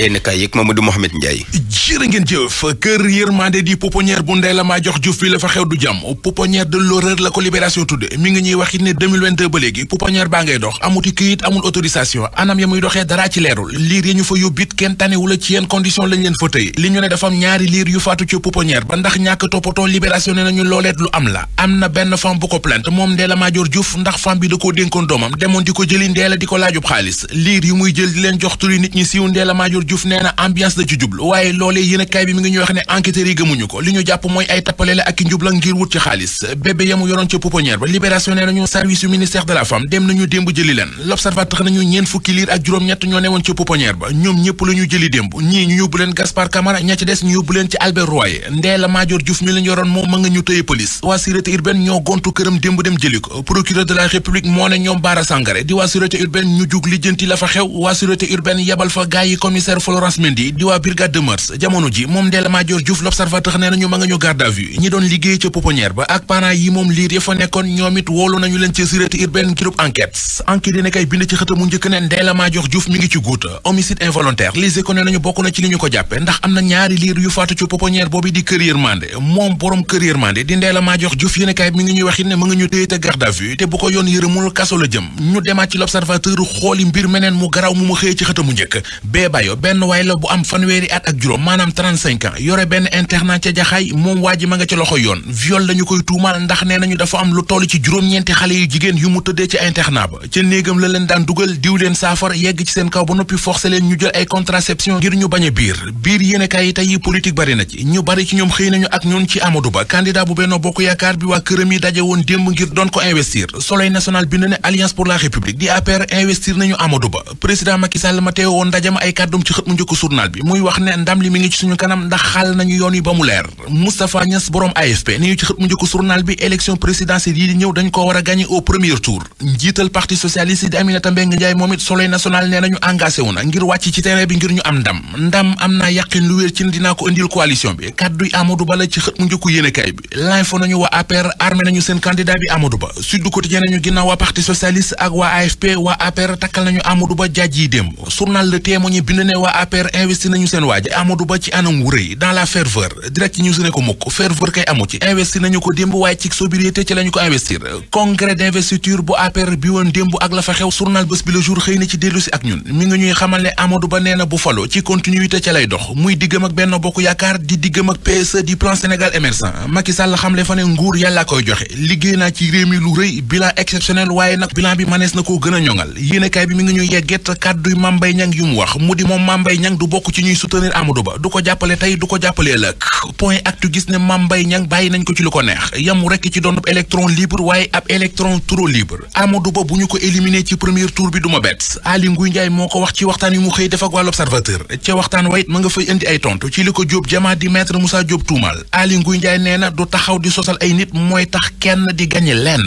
Yenekaay yeeg Mamadou Mohamed Ndiaye. jërë ngeen jëf di pouponnière bu Ndella Madior Diouf bi la fa xew du jàmm pouponnière de l'horreur la ko libération tudde mi ngi ñuy wax ne ba léegi pouponnière baa ngay dox amuti këyit amul autorisation anam ya muy doxee daraa ci leerul liir yi ñu fa yóbbit kenn tanewula ci yenn condition lañ leen fa li ñu ne dafa ñaari liir yu faatu ci pouponnière ba ndax ñàkk toppatoo libération ne nañu looleet lu am la am na benn femme bu ko da koo dénkoon Diouf nee ambiance la ci jublu waaye loolee yéen bi mi ngi ñuy wax ne enquêteurs gëmuñu ko li ñu jàpp mooy ay tappale ak i njubla ngir wut ci xaalis bébé yamu yoroon ca pouponnière ba libération nee nañu service yu ministère de la femme dem nañu démb jëli leen l'observateur nañu ñeen fukki liir ak juróom-ñett ñoo newoon ca pouponnière ba ñoom ñëpp la jëli démb ñii ñu yóbbu leen Gaspard Camara ña des ñu yóbbu leen ci Albert Royer Ndella Madior ma Maître Florence Mendy di de mœurs jamono ji moom Ndella Madior Diouf l'observateur nee na ñu ma nga ñu garde à vue ñi doon liggéey ca pouponnière ba ak parents yi moom liir ya fa nekkoon ñoom it woolu nañu leen ci sûreté urbaine ngirub enquête enquête dina bind ci xëta njëkk ne Ndella Madior Diouf mi ngi ci guuta homicide involontaire lise ko ne nañu bokk na ci li ñu ko jàppe ndax am na ñaari liir yu faatu ci pouponnière boobu di kër Yërmande moom benn waay la bu am fanweeri at ak juróom maanaam 35 ans yore benn internat ca jaxaay moom waa ji ma nga ca loxo yoon viol lañu koy tuumaal ndax nee nañu dafa am lu toll ci juróom-ñeenti xale yu jigéen yu mu tëddee ci internat ba ca néegam la leen daan dugal diw leen saafara yegg ci seen kaw ba noppi forcé leen ñu jël ay contraception ngir ñu baña a biir biir yéenekaay yi tey politique bari na ci ñu bari ci ñoom xëy nañu ak ñoon ci Amadou Ba candidat bu Benno Bokk Yaakaar bi waa këram yi daje woon démb ngir doon ko national bi na ne Alliance pour la République di APR investir nañu Amadou Ba président Macky Sall ma teewoon ndajam ay kàddum ci xët mu njëkk journal bi muy wax ne ndam li mi ngi ci suñu kanam ndax xal nañu yoon yi ba mu leer Moustapha Niass borom AFP a waa AFP takkal nañu Amadou Ba jaaj yi démb journal Le Témoin bind ne waa APR investi nañu seen waaj Amadou Ba ci anam wu rëy dans la ferveur direct ñu su ko mukk ferveur kay amu ci investi nañu ko démb waaye ci sobriété ci lañu ko investir congrès d'investiture bu APR bi woon démb ak la fa xew journal bés bi la jour xëy na ci dellu si ak ñun mi ngi ñuy xamal ne amadu Ba nee na bu falo ci continuité ca lay dox muy diggam ak Benno Bokk Yaakaar di diggam ak PSE di plan Sénégal émergent Macky Sall xamle fa ne nguur koy joxe liggéey naa ci réew mi lu rëy bilan exceptionnel waaye nag bilan bi manees na koo gën a ñoŋal yéenekaay bi mi ngi ñuy yegget kàdduy Mame Mbaye yu mu wax mu di Mame Mbaye Niang du bokk ci ñuy soutenir Amadou Ba du ko jàppale tey du ko jàppale ëllëg point actu gis ne Mame mbay Niang bàyyi nañ ko ci lu ko neex yamu rekk ci doon ab électron libre waaye ab électron trop libre Amadou Ba bu ñu ko éliminer ci premier tour bi du ma bett Aly Ngouille Ndiaye moo ko wax ci waxtaan yu mu xëy def ak wàllu observateur ca waxtaan wa it nga fay indi ay tontu ci li ko Diop Diama di maître Moussa Diop tuumal Aly Ngouille Ndiaye nee na du taxaw di sosal ay nit mooy tax kenn di gañe lenn